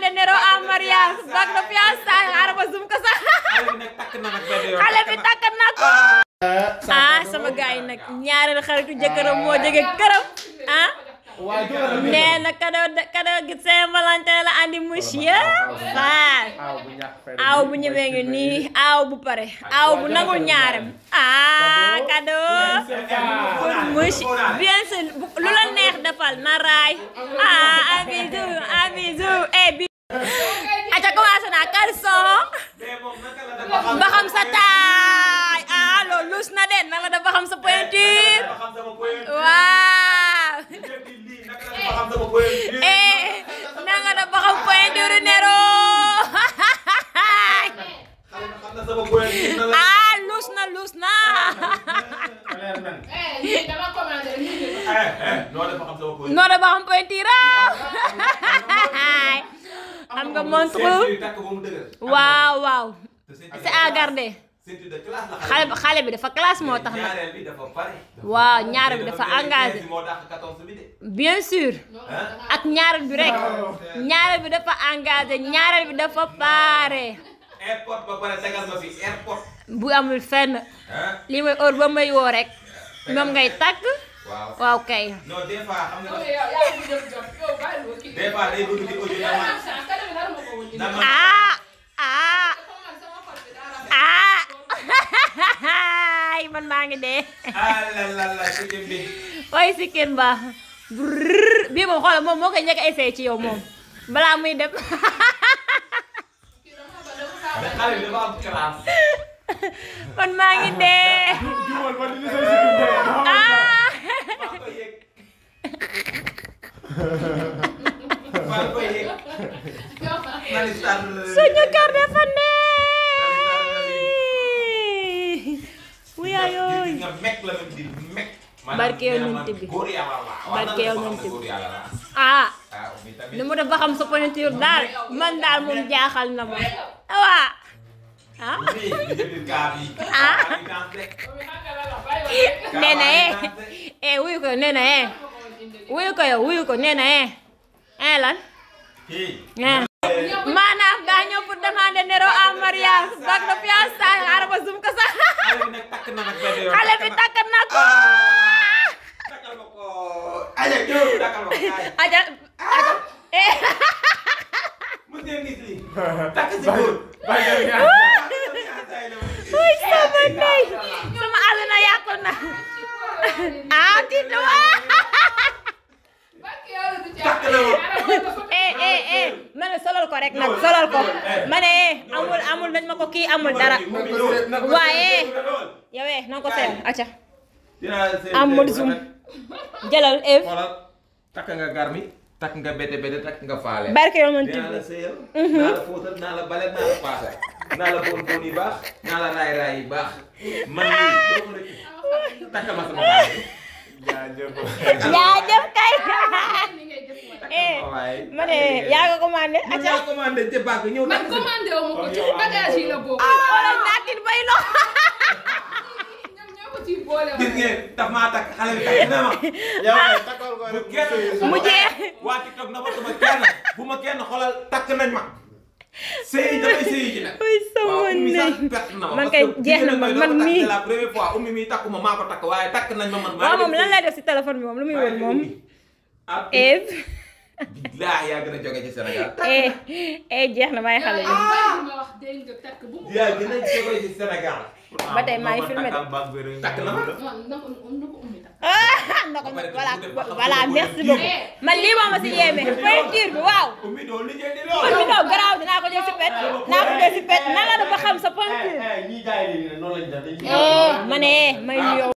danero Nero bak na piyasa ang araw pa zoom ka sa kalo kita kena ko ah semoga magain nagnyari na karakter dyan karo mo dyan karo ah Nee kado kada kada gitsem balantela andi musia far aw bu ñemengi ni aw bu pare aw bu nangul ah kado mushi bien lu la neex defal na raay ah abidou abidou eh bi aca commencé naa kalson non da ba am point tiraaw am nga montre Wow wow. c'est à garder xale xale bi dafa classe moo tax nag waaw ñaar bi dafa engagé bien sûr ak ñaareel bi rek ñaareel bi dafa engagé ñaareel bi dafa paré. airport ba paré tagal ma fi airport bu amul fenn li may heure ba may wo rek Mom ngay tàkk waaw waaw kay. non man maa ngi dee. ah la la la si kenn bi. ooy si moom moo koy njëkk a essayé ci yow moom balaa muy dem. man maa ngi dee. barke yonent bi barke yonent bi ah, ah nu mu xam sa daal man daal moom jaaxal na moom ah ah nee eh. eh wuyu ko nee na eh wuyu ko yow wuyu ko nee eh eh lan daa eh. ñëw pour demander Nero en mariage donc de fiançailles xaaral ma zoom ko sax Takut sih Badannya. Wih, sama nih. Sama alun ayakun nah. Ati doa. Eh eh eh, mana solol korek nak solol ko. Mana eh, amul amul dañ mako ki amul dara. Wa eh. Ya eh, nang ko sen, acha. Amul zoom. Jalal F. Takkan nga garmi. Tak nga bete bete tak nga barké barke yonent bi na la sëyal. na la fotal na la balé na la passé na la bon bon yi bax na la ray ray yi bax man mii doo ma sama baax. jaajëf kay. ma ya yaa commandé. ya mën commandé te bàgg Ya man commandé wu ci bagage yi la bay lo. gis ngeen bu kenn mu jeex waa TikTok na ma kenn bu ma kenn xoolal takk nañ ma. sëy damay sëy ji nag. ooy sama nañ man kay jeex na man man mii la première fois ummi mii takku ma maa ko takk waaye takk nañ ma man. waaw moom lan lay def si téléphone bi moom lu muy wër moom. Ah, Eve. bilaay yaa gën a jóge ci Sénégal. takk eh, eh, jeex na may xale yi. Ah! yaa gën a jóge ci Sénégal. ba tey ah, maa ngi filmé de takk na ma. ndox ah, mi voilà voilà merci beaucoup man lii moom ma si yéeme pointure bi waaw. mi doon garaaw dinaa ko jël si pet naa ko jël si pet nan la ba xam sa pointure. Eh, eh, eh, oh, ma ne may yow.